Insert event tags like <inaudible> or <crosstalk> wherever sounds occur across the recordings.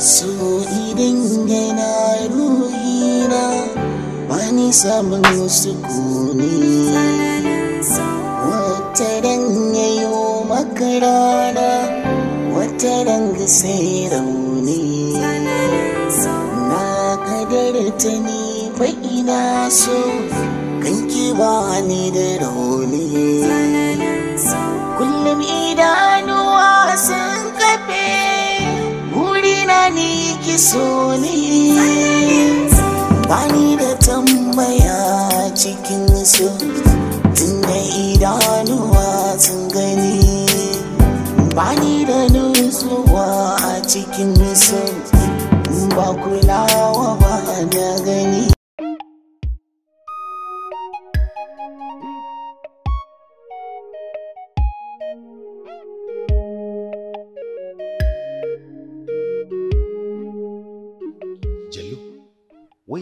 so idan gaina na, wani samun sukuni wata ran yayo maka rana wata ran sai rauni na kadarta ni fa ina so kan ki ba ni da rauni so ne ni da tambaya cikin so tun da idanuwa sun gani bani da nutsuwa a cikin so ba kulawa ba na gani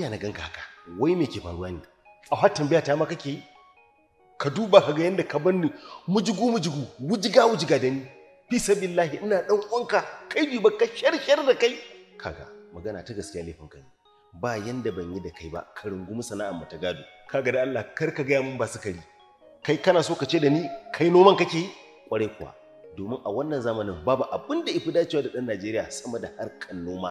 ya na ganka haka wai me ke faruwa ne a har tambaya ta ma kake ka duba ka ga yanda ka bar ni mujigu mujigu wujiga wujiga da ni fi sabillahi ina dan uwanka kai duba ka sharshar da kai kaga magana ta gaskiya laifin kai ba yanda ban yi da kai ba ka rungumi sana'ar mu ta gado kaga da Allah kar ka gaya mun ba sukari kai kana so ka ce da ni kai noman kake yi kwarai kuwa domin a wannan zamanin babu abin da ifi dacewa da ɗan Najeriya sama da harkar noma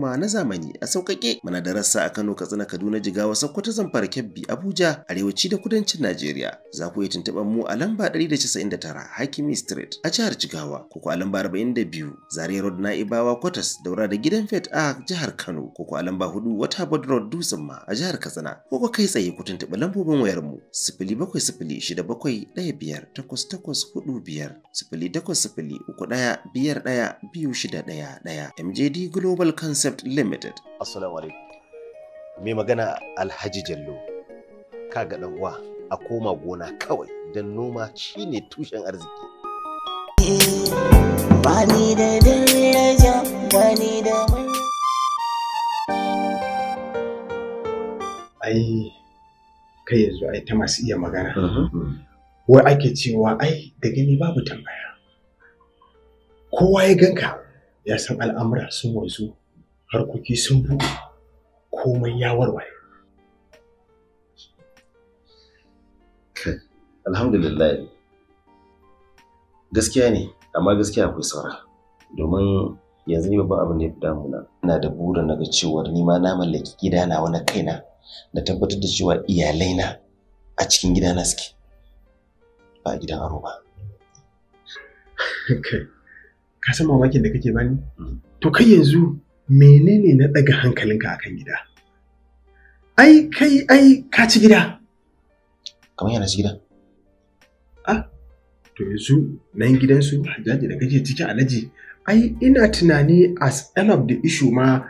noma na zamani a sauƙaƙe. mana da a Kano, Katsina, Kaduna, Jigawa, Sokoto, Zamfara, Kebbi, Abuja, Arewaci da Kudancin Najeriya. Za ku iya tuntuɓar mu a lamba 199 Hakimi Street a jihar Jigawa, ko a lamba 42 Zaria Road Na'ibawa Kwatas daura da gidan Fet a jihar Kano, ko a lamba 4 Waterboard Road Dutsen ma a jihar Katsina, ko kai tsaye ku tuntuɓi lambobin wayar mu 0707715 sifili takwas sifili uku biyar daya biyu shida ɗaya ɗaya mjd global concept Concept Limited. Assalamu alaikum. Mai magana Alhaji Jallo. Kaga dan uwa a koma gona kawai don noma shine tushen arziki. Bani da bani da Ai, kai yanzu ai ta masu iya magana. Mhm. Wai ake cewa ai da gani babu tambaya. Kowa ya ganka ya san al'amura sun wanzu harkoki sun buɗe komai ya warware alhamdulillah gaskiya ne amma gaskiya akwai saura domin yanzu ne babban abin da ya fi damuna ina da burin na ga cewar ni ma na mallaki gidana wani kaina da tabbatar da cewa iyalaina a cikin gidana suke ba a gidan aro ba <laughs> ka san mamakin da kake bani hmm. to kai yanzu menene na ɗaga hankalinka a kan gida ai kai ai ka ci gida kamar yana ci gida A, ah, to yanzu nan gidansu hajjaji da kake ciki alaji ai ina tunani as end of the issue ma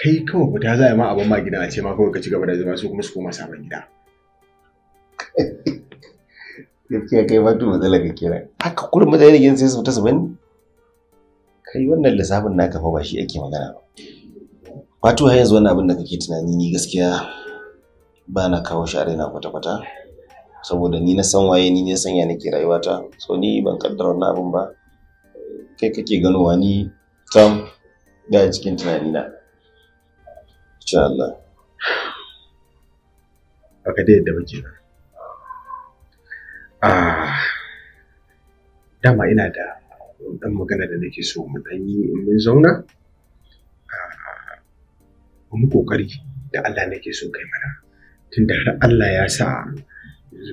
kai kawai guda za a ma abin ma gida a ce ma kawai ka ci gaba da zama su kuma su koma sabon gida <laughs> gaskiya kai ba tu matsala ka kira haka kullum mutane da gidan sai su fita su bani kai wannan lissafin na fa ba shi ake magana ba wato har yanzu wannan abin da kake tunani ni gaskiya ba na kawo shi a raina kwata-kwata saboda ni na san waye ni ne san ya nake rayuwata so ni ban kaddara wannan abin ba kai kake ganowa ni tam da cikin tunani na insha Allah baka da yadda muke ba ah dama ina da dan magana da nake so mu dan yi in mun zauna mu kokari da Allah nake so kai mana tunda har Allah ya sa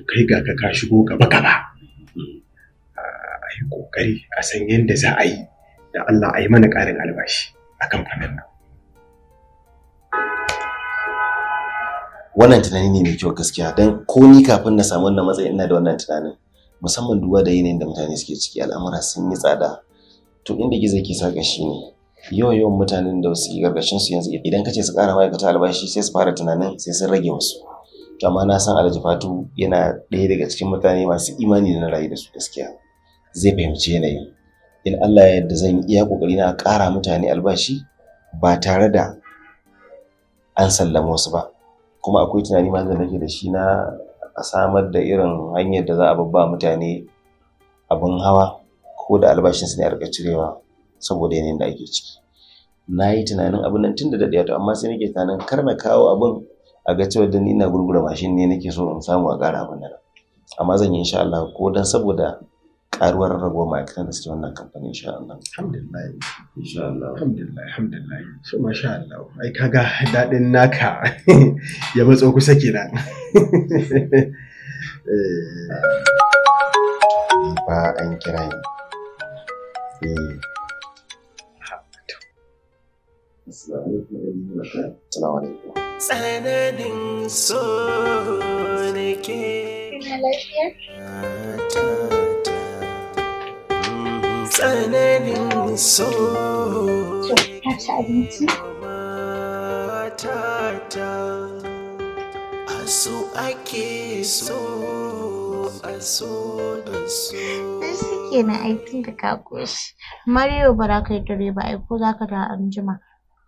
kai ga ka ka shigo gaba gaba a yi kokari a san yadda za a yi da Allah a yi mana ƙarin albashi a kamfanin nan wannan tunani ne mai kyau gaskiya don ko ni kafin na samu wannan matsayin ina da wannan tunanin musamman duba da yanayin da mutane suke ciki al'amura sun yi tsada to inda gizo ke saka shi ne yawan yawan mutanen da suke gargashin su yanzu idan ka ce su ƙara ma'aikata albashi sai su fara tunanin sai sun rage wasu to amma na san Alhaji Fatu yana ɗaya daga cikin mutane masu imani da na rayu da su gaskiya zai fahimci yanayi. in Allah ya yarda zan iya kokari na ƙara mutane albashi ba tare da an sallama wasu ba kuma akwai tunani ma da nake da shi na a samar da irin hanyar da za a babba mutane abin hawa ko da albashinsu ne a rika cirewa saboda yanayin da ake ciki na yi tunanin abin nan tun da daɗe to amma sai nake tunanin kar na kawo abin a ga cewa dan ina gurgura mashin ne nake so in samu a ƙara abin nan amma zan yi insha Allah ko dan saboda karuwar ragowar ma'aikatan da suke wannan kamfanin insha Allah. Alhamdulillah. Insha Allah. Alhamdulillah. Alhamdulillah. So masha Allah. Ai kaga daɗin naka <laughs> ya matso kusa kenan. Ni <laughs> fa eh. an kira ni. Eh. Assalamu alaikum. Tsananin so ne ke. Ina lafiya? tsananin so matata a so ake so a so a so shi kenan aikin da ka koshi ba za ka yi dare ba aiko za ka da anjima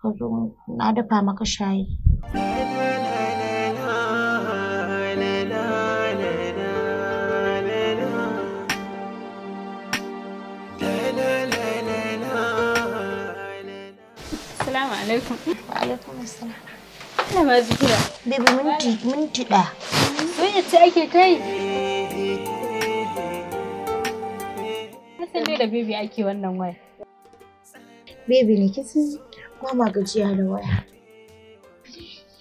ka zo na dafa maka shayi alaikum. assalam. ma minti ce ake kai. Hassan da baby ake wannan waya. ne gajiya da waya.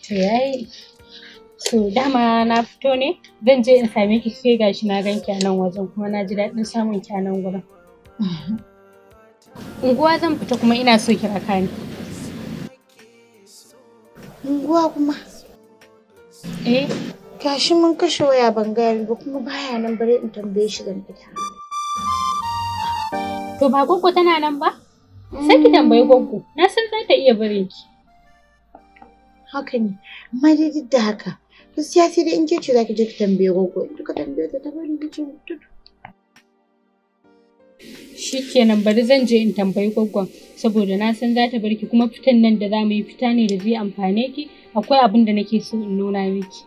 To yayi. dama na fito ne zan je in same ki sai gashi na ganki a nan wajen kuma na ji daɗin samun ki a nan gurin. Mhm. Unguwa zan fita kuma ina so ki kani. ni. unguwa kuma eh gashi mun kashe waya ban gari ba kuma baya nan bare in tambaye shi zan fita to ba gogo tana nan ba sai ki tambayi mm. gogo. na san za ta iya bare ki haka ne amma dai duk da haka gaskiya sai dai in ke ce za ki je ki tambaye gogo. in kika tambaye ta ta bari ki ce mutu shikenan bari zan je in tambayi gogon. saboda na san za ta barki kuma fitan nan da za mu yi fita ne da zai amfane ki akwai abin da nake so in nuna miki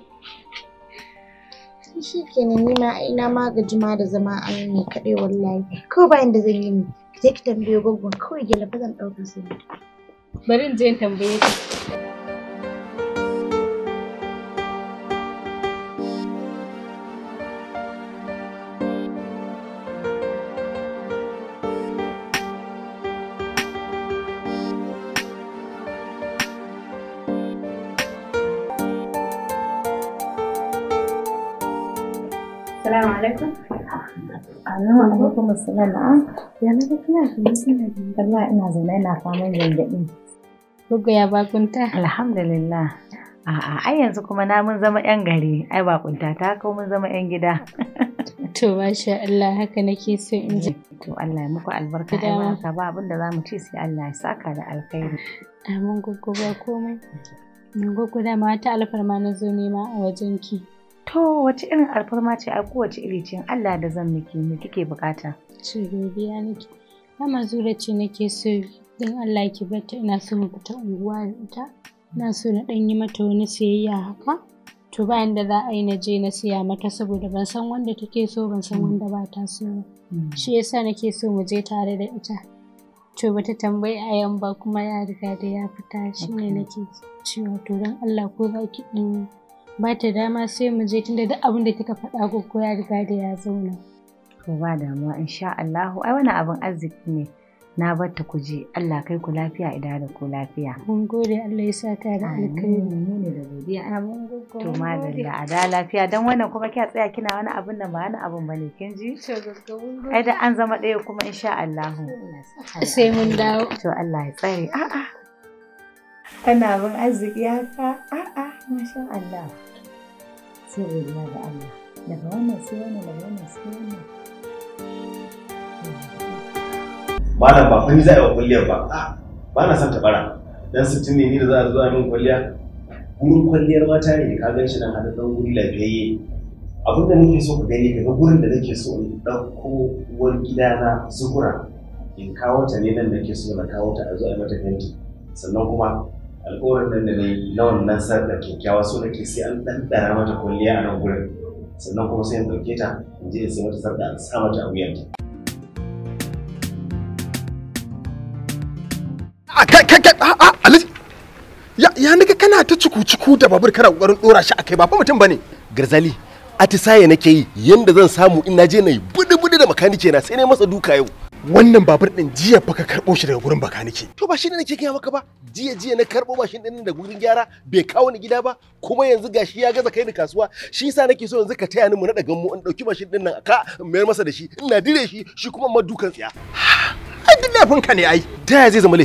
shi ke ni ma ina ga ma da zama an ne kaɗai wallahi kawai bayan da zan yi ne ki je ki tambaye gwaggon kawai gyalafa zan ɗauka ne. bari in je in tambaye ki alaikum assalam na'am. Ya na kina kuma suna Allah ina zaune ina faman zazzabi. Gugu ya bakunta. Alhamdulillah. A'a ai yanzu kuma na mun zama yan gari ai bakunta ta ko mun zama yan gida. <laughs> To masha Allah haka nake so in ji. To Allah ya muku albarka ai ma ka ba abin da za mu ci sai Allah ya saka da alkhairi. Amin gugu ba komai. Gugu da ma alfarma na zo nema a wajenki. ki. To wace irin alfarma ce a kowace iri cin Allah da zan miki me kike bukata? Ce godiya nake. Mama zura ce nake so dan Allah ki bata ina so mu fita unguwa da ita. Ina so na dan yi mata wani siyayya haka. To bayan da za a yi na je na siya mata saboda ban san wanda take so ban san wanda ba ta so hmm. Shi yasa nake so mu je tare da ita. To bata tambayi a ba kuma ya riga da ya fita shine nake cewa to don Allah ko za ki ɗin ba ta dama sai mu je tunda duk abin da kika faɗa ko ya riga da ya zauna. To ba damuwa insha Allah ai wani abin arziki ne na barta ku je Allah kai ku lafiya idan da ku lafiya. Mun gode Allah ya sa ka da alkhairi. Mun ne da godiya. mun gode. To madalla a da lafiya dan wannan kuma kya tsaya kina wani abin nan ba wani abin bane kin ji? Ai da an zama ɗaya kuma insha Allah. Sai mun dawo. To Allah ya tsare. A'a. Ana bin arziki ya haka? A'a, masha Allah. Sai godiya ga Allah. Daga wannan sai wannan daga wannan sai wannan. Malam ba kun za a yi wa kwalliyar ba. Ba na son tabara. Dan sittin ne ni da za a zo a min kwalliya. Gurin kwalliyar mata ne ka gan shi nan hada dan guri lafiyayye. Abin da nake so ku gani daga gurin da nake so in ɗauko uwar gidana zuhura in kawo ta ne nan nake so na kawo ta a zo a mata fenti sannan kuma alƙawarin nan da na yi na wannan sarƙa kyakkyawa so ke sai an ɗanɗara mata kwalliya a nan gurin sannan kuma sai an ɗauke ta in je da sai mata sarƙa in sa mata a wuyanta. ya nika kana ta cuku-cuku da babur kana kokarin dora shi akai ba fa mutum bane garzali atisaye nake yi yanda zan samu in na je na yi budu-budu da makanike na sai na masa duka yau wannan babur din jiya baka ka karbo shi daga gurin bakanike to ba shi ne nake gaya maka ba jiya jiya na karbo mashin din da gurin gyara bai kawo ni gida ba kuma yanzu gashi ya gaza kai ni kasuwa shi yasa nake so yanzu ka taya ni mu naɗa mu in dauki mashin din nan ka mayar masa da shi ina dire shi shi kuma ma dukan tsiya ai duk laifin ka ne ai da zai zama na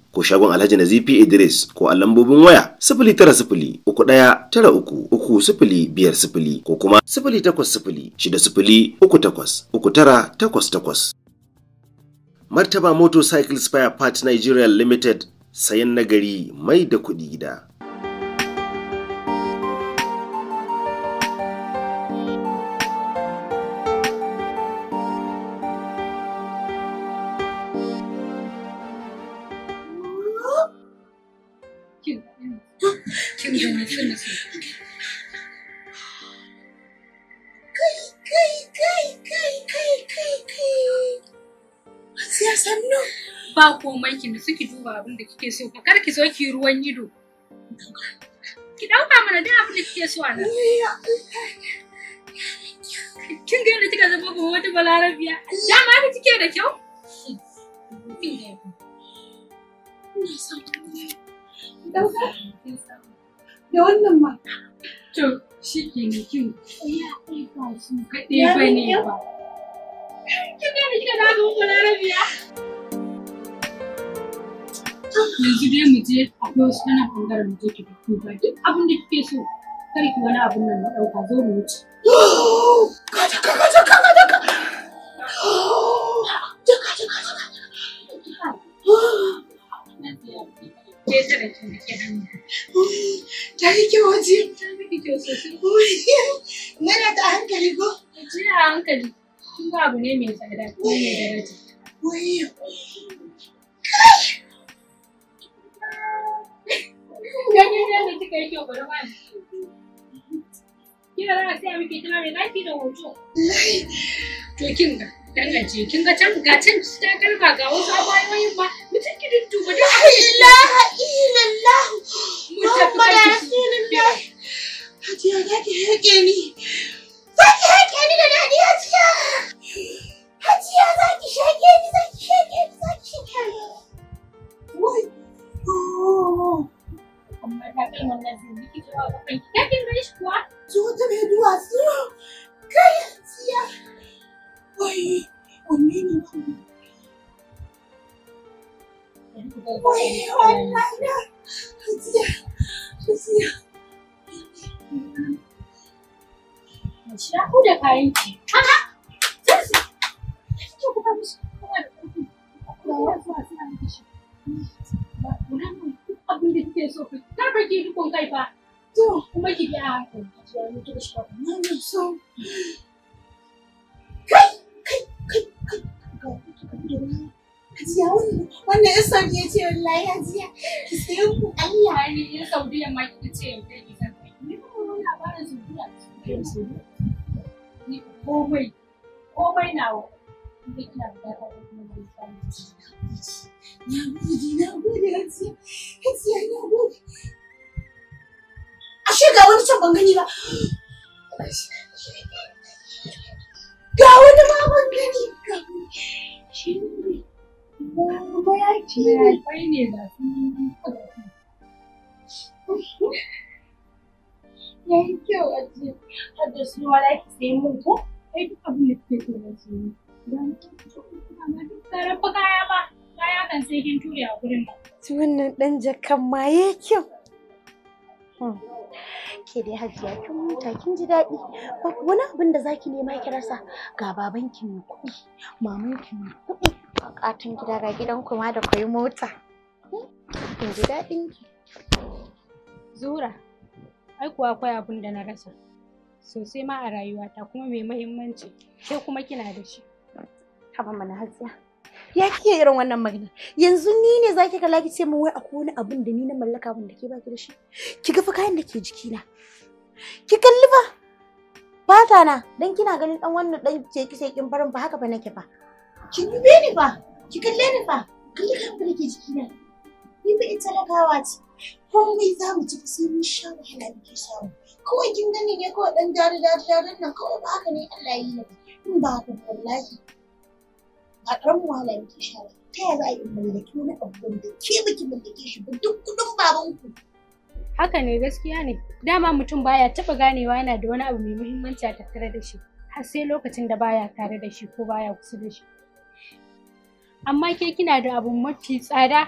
ko shagon Alhaji Nazifi Idris ko a lambobin waya sifili tara sifili uku ɗaya tara uku biyar sifili ko kuma sifili takwas shida sifili uku takwas uku tara takwas Martaba Motorcycle Spire Part Nigeria Limited sayan nagari mai da kuɗi gida. filme, Kai, kai, kai, kai, kai, kai, Ba komai ki nutsu ki duba abin da kike so, kar ki zo ki ruwan ido. Ki dauka mana duk abin da kike so a nan. Kin ga yadda kika zama wata balarabiya. Dama ka kike da kyau? da wannan ma to shi ke ne kin ya ɗiba su kaɗai ba ne ba kin ga kika da ga kuma rabiya yanzu dai mu je akwai wasu bangaren mu ki da ba duk abinda kike so kar ki wani abin nan na ɗauka zo mu <gasps> Nana ta hankali ko? Ci a hankali. Kun abu ne mai tsada ko mai daraja. Wayo. Ganin yadda kika yi kyau bari bani. Kina rana sai muke kina mai zaki da hoto. To kin ga dan aje kin ga can ga can ta kalma ga wasu abayoyin ba mutum ki dudduba da Allah ilaha illallah Muhammadu rasulullah Hajiya za ki haƙe ni. Za ki haƙe ni da daɗi Hajiya. Hajiya za ki shaƙe ni za ki shaƙe ni za ki shaƙe ni. Wai. ooo. Oh. Amma ta kai wannan zai ki jawa ba kai. Ya kin gani shi kuwa? Zo ta bai duwa su. Kai Hajiya. Wai. Wanne ne wannan? Wai wannan. Hajiya. Hajiya. kwanciya ko da kayan ki. A'a, zan su. Ki kuma kuma da ƙarfi. Ba wa zuwa suna miki shi. so ki kuma ki bi Ya ni to shi so. Kai kai kai kai. kuma Hajiya wannan yan Saudiya ce wallahi Hajiya. Ki sayi ku Allah ne yan Saudiya ma kike ce yau komai komai ina kuma na gode na gode hajiya hajiya gode ga wani can gani ba ga wani ma ban gani ga ne da <laughs> kyau a da su ma za ki sai mun ko ai duk da kaya ba kan sai kin ture a gurin wannan ma ya kyau hmm. ke da hajiya kin huta daɗi wani abin da zaki nema ki rasa ga babanki mai kuɗi kuɗi gida ga gidan kuma da kai mota hmm, kin ji zura ai kuwa akwai abin da na rasa sosai ma a rayuwata kuma mai mahimmanci sai kuma kina da shi haba mana hatsiya ya kiyaye irin wannan magana yanzu ni ne zaki kala ki ce min wai akwai wani abin da ni na mallaka wanda ke baki da shi ki ga fa kayan da ke jikina ki kalli fa fata na dan kina ganin dan wannan dan ke kike kin farin ba haka ba nake ba. ki dube ni fa ki kalle ni fa kalli kayan da ke jikina ni ba ita kawa ci. komai za mu ci sai mun sha wahala muke samu kawai kin gani ne kawai dan dari dari darin nan kawai ba haka ne Allah ya yi in ba haka wallahi ba karamin wahala muke sha ba ta yaya za a yi mallaki wani abu da ke baki mallake shi ba duk kudin babanku haka ne gaskiya ne dama mutum baya taba ganewa yana da wani abu mai muhimmanci a tattare da shi har sai lokacin da baya tare da shi ko baya kusa da shi amma ke kina da abu mafi tsada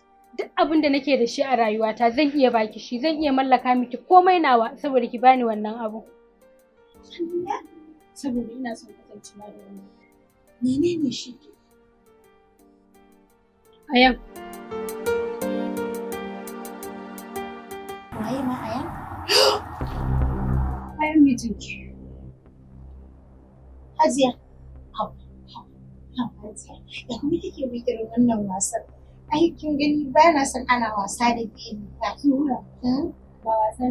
duk abin da nake da shi a rayuwata zan iya baki shi zan iya mallaka miki komai nawa saboda ki bani wannan abu saboda ina son kasance na da wannan menene shi ke ayan waye ma ayan <gasps> ayan ki. hajiya hau hau hau hajiya ya kuma kike bikin wannan wasan aikin gani ba na san ana wasa da gini ba ba wasa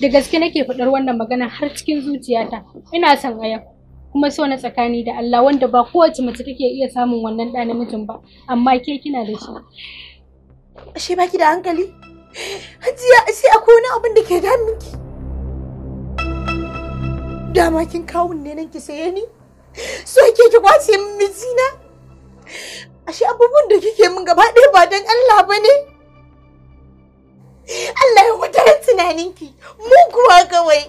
da gaske nake faɗar wannan magana har cikin zuciyata ina son aya kuma so na tsakani da Allah wanda ba kowace mace take iya samun wannan ɗa namijin ba amma ke kina da shi ashe baki da hankali hajiya ashe akwai wani abin da ke damun ki dama kin kawun ne nan ki saye ni so ke ki kwace na? ashe abubuwan da kike min gaba ɗaya ba don Allah ba ne Allah ya wadarar tunaninki mu kuwa kawai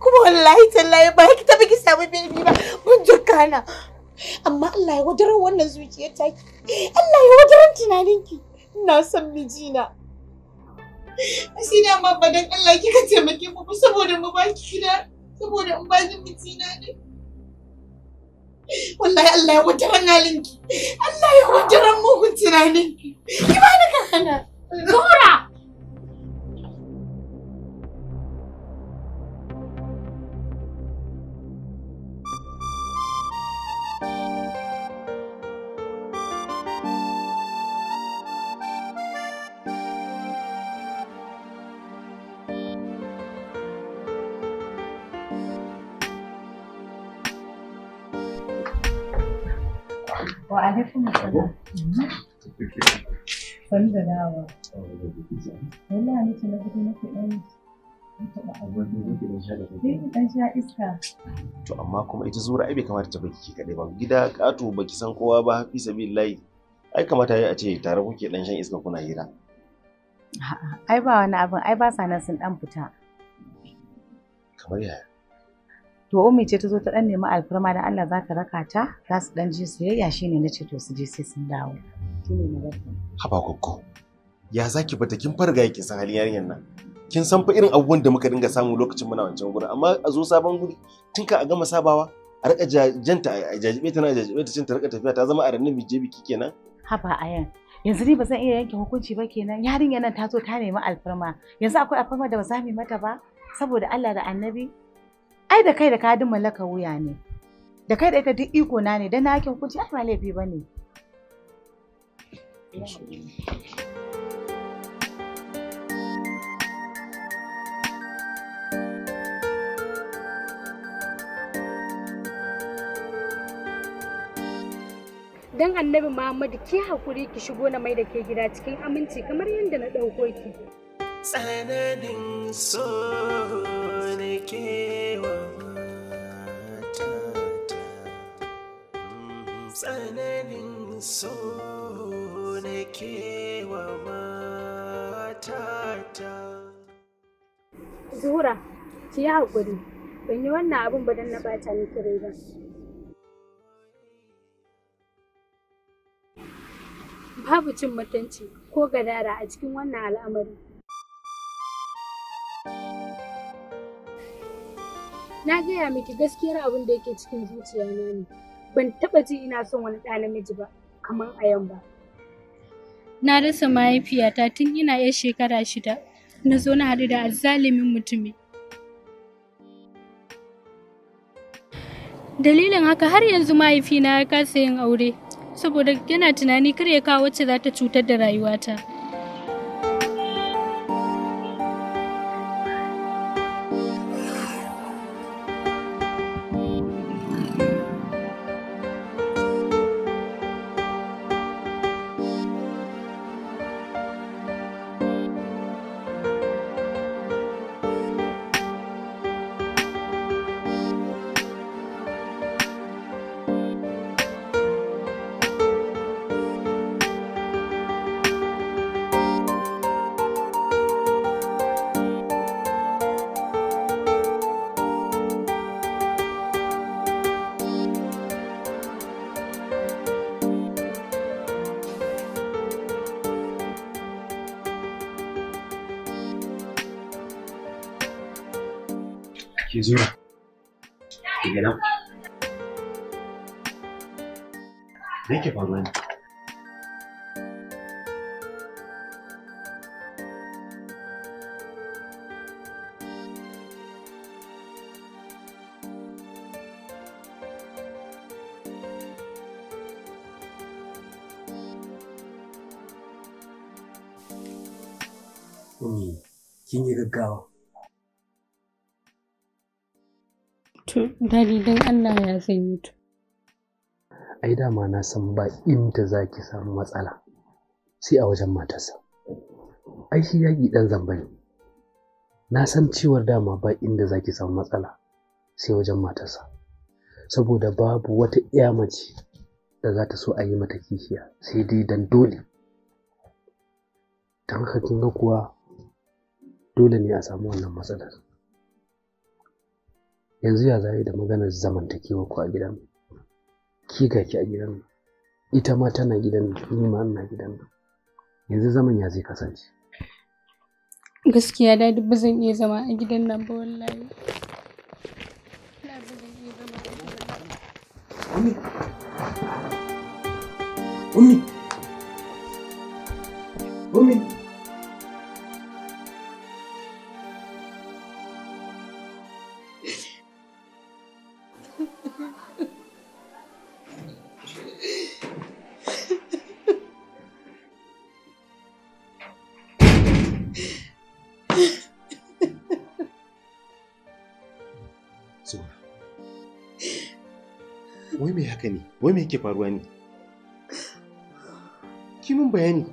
kuma wallahi tallahi ba ki taɓa ki samu bilbi ba mun jokana amma Allah ya wadarar wannan zuciyar taki Allah ya wadarar tunaninki ina son mijina Ashe na ma ba don Allah kika taimake mu saboda mu ba ki gida saboda in ba mijina ne wallahi Allah ya wataran halinki Allah ya wataran mugun tunaninki ki bani ka hana Nura Wa alaikum assalam. Sani da dawa. Wallahi nake na fito nake dan dan sha iska. To amma kuma ita zura ai bai kamata ta baki ke kadai ba. Gida ƙato baki san kowa ba hafi sabilillahi. Ai kamata ya ce tare kuke dan shan iska kuna hira. Ai ba wani abin ai ba sa nan sun dan fita. Kamar yaya? to ummi ce ta zo ta dan nemi alfarma da Allah za ta raka ta za su dan je soyayya shine na ce to su je sai sun dawo shine na haba kokko ya zaki bata kin farga yake san halin yarinyar nan kin san fa irin abubuwan da muka dinga samu lokacin muna wancan gurin amma a zo sabon guri tun ka a gama sabawa a rika jajjanta a jajibe ta na jajibe ta cin ta rika tafiya ta zama a ranar bije biki kenan haba ayan yanzu ni ba zan iya yanke hukunci ba kenan yarinyar nan ta zo ta nemi alfarma yanzu akwai alfarma da ba za mu mata ba saboda Allah da Annabi ai da kai da kadin mallaka wuya ne da kai da ita duk iko na ne dan na kin ai ba laifi bane dan annabi Muhammadu ki hakuri ki shigo na mai da ke gida cikin aminci kamar yadda na ɗauko ki. tsananin so na kewa matata tsananin so na kewa matata zura ki yi haƙuri ban yi wannan abun ba don na bata miki rai ba babu cin mutunci ko gadara a cikin wannan al'amari na gaya miki gaskiyar abin da yake cikin zuciya na ne ban taba ji ina son wani ɗa namiji ba kamar a yau ba na rasa mahaifiyata tun ina yar shekara shida na zo na haɗu da azzalumin mutumi dalilin haka har yanzu mahaifina ya kasa yin aure saboda yana tunani kar ya kawo wacce za ta cutar da rayuwata ki zo ki ga zan ai dama na san ba inda za ki samu matsala sai a wajen matarsa ai shi yaƙi ɗan zamba ne na san cewar dama ba inda za ki samu matsala sai wajen matarsa saboda babu wata iya mace da za ta so a yi mata kishiya sai dai dan dole don haka kin kuwa dole ne a samu wannan matsalar yanzu ya zai da maganar zamantakewa ko a gidan ki ga ki a gidan ita ma tana gidan ni ma ina gidan yanzu zaman ya zai kasance gaskiya dadi ba zan iya zama a gidan nan ba wallahi Ummi Ummi Ummi Zuwa. Wai mai haka ne? Wai mai yake faruwa ne? Ki mun bayani.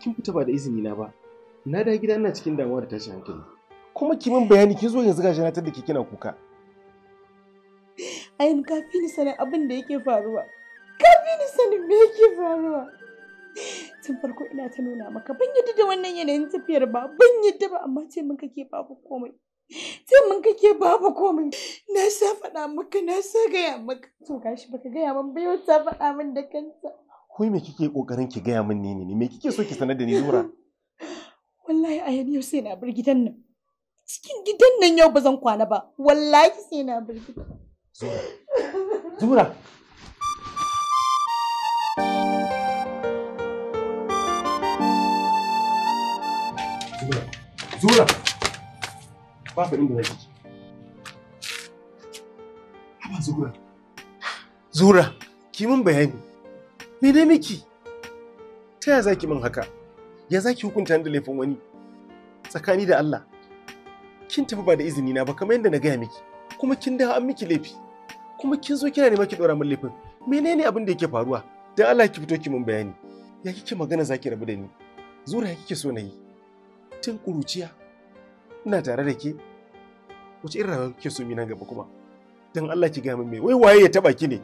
Kin fita ba da izini na ba. Na da gida ina cikin damuwa da tashin hankali. Kuma ki mun bayani kin zo yanzu gashi na tada ki kina kuka. Ayin ka fi ni sanin abin da yake faruwa. Ka fi ni sanin me yake faruwa. Tun farko ina ta nuna maka ban yadda da wannan yanayin tafiyar ba ban yadda ba amma ce min kake babu komai. sai mun kake babu komai na sa faɗa maka na sa gaya maka to gashi baka gaya min ba yau ta faɗa min da kanta kai me kike kokarin ki gaya min ne ne me kike so ki sanar da ni zura <laughs> wallahi a yau sai na bar gidan nan cikin gidan nan yau ba zan kwana ba wallahi sai na bar gidan Zura Zura Zura ba zaki haba zura zura ki min bayani me dai miki ta ya zaki min haka ya zaki hukunta ni da laifin wani tsakani da Allah kin tafi ba da izini na ba kamar yadda na gaya miki kuma kin da an miki laifi kuma kin zo kina nema ki dora min laifin menene abin da yake faruwa dan Allah ki fito ki min bayani ya kike magana zaki rabu da ni zura ya kike so na yi tun kuruciya ina tare da ke wace irin rayuwa kike so mi gaba kuma dan Allah ki gaya min me wai waye ya taba ki ne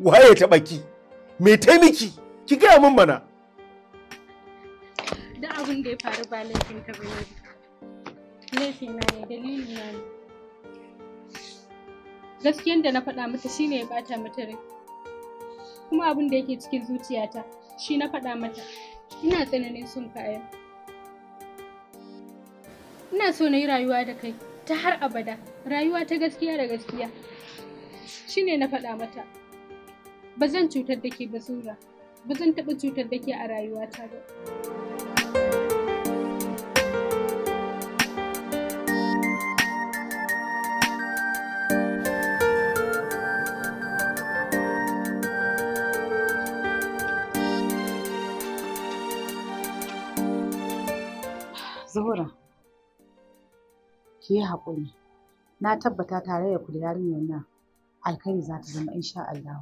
waye ya taba ki me taimaki ki gaya min mana da abin da ya faru ba laifin ka bane laifin na ne dalilin na ne gaskiyan da na faɗa mata shine ya bata mata rai kuma abin da yake cikin zuciyata shi na faɗa mata ina tsananin sun kaya ina so na yi rayuwa da kai ta har abada rayuwa ta gaskiya da gaskiya Shi ne na faɗa mata ba zan cutar da ke basura ba zan taɓa cutar da ke a rayuwata ba ki haƙuri na tabbata tare da ku da yarinyar nan alkhairi za ta zama insha Allah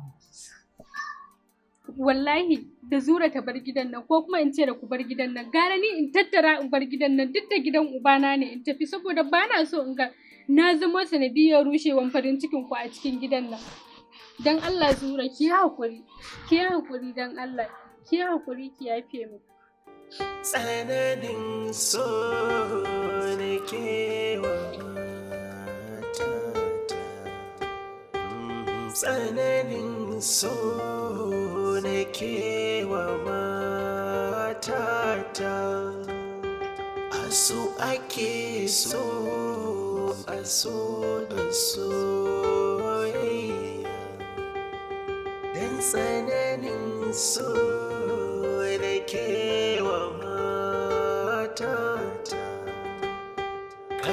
wallahi da zura ta bar gidan nan ko kuma in ce da ku bar gidan nan gara ni in tattara in bar gidan nan duk da gidan ubana ne in tafi saboda ba na so in ga na zama sanadiyar rushewan farin cikin ku a cikin gidan nan dan Allah zura ki haƙuri, ki haƙuri, dan Allah ki haƙuri, ki yafe mu tsananin so da kewa matata mm-hmm. tsananin so da kewa matata a su ake so a so da tsananin so da kewa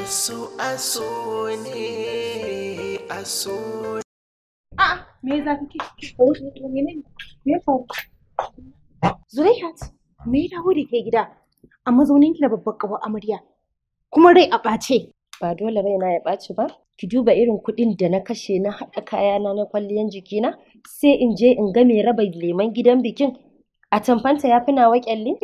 aso aso ne aso a me za ka ke me faru Zulaihat me ya dawo da ke gida a mazaunin ki da babbar kawo amarya kuma rai a ɓace ba dole raina ya ɓaci ba ki duba irin kuɗin da na kashe na haɗa kayana na kwalliyan jikina sai in je in ga mai raba leman gidan bikin a tamfanta ya fi nawa kyalli <laughs>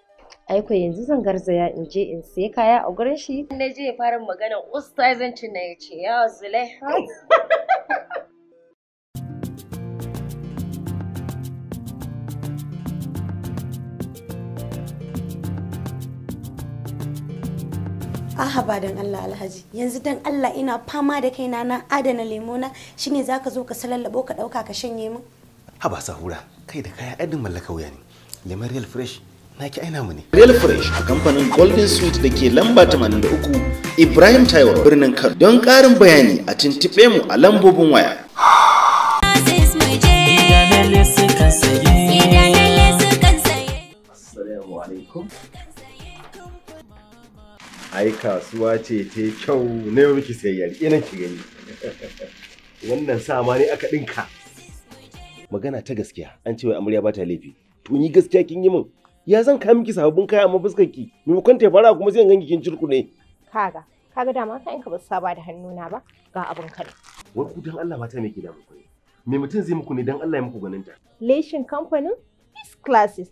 aiko yanzu zan garzaya in je in sai kaya a gurin shi na je fara magana ustazanci na ya ce ya zule <laughs> A ba dan Allah Alhaji yanzu dan Allah ina fama da kaina na adana lemona shine zaka zo ka salallabo ka dauka ka shanye min Haba sahura kai da kaya ɗan mallaka wuya ne lemon real fresh na ki aina mu ne real fresh a kamfanin golden sweet da ke lamba 83 ibrahim taiwo birnin kano don ƙarin bayani a tintibe mu a lambobin waya ai kasuwa ce ta kyau ne miki sayayyar ina ki gani <laughs> wannan sama ne aka dinka magana ta gaskiya an ce wai amarya ba ta laifi to ni gaskiya kin yi min ya san ka miki sababbin kaya amma fuskar ki maimakon ta fara kuma sai ganki kin cirkune kaga kaga dama kayan ka ba saba da hannuna ba ga abin kan wai ku dan Allah mata me ke da muku me mutum zai muku ne dan Allah ya muku ganin ta leshin kamfanin class classes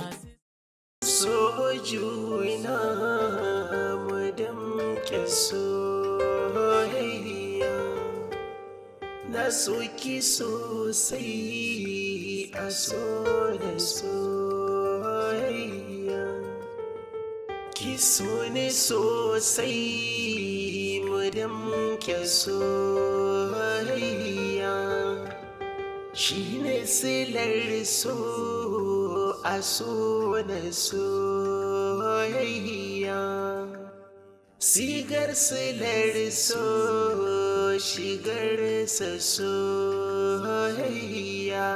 soki sosai a so da soyayya ki so ne sosai mu damke soyayya shi ne silar so a so da soyayya सीगर से लड़ सो शिगर ससो हैया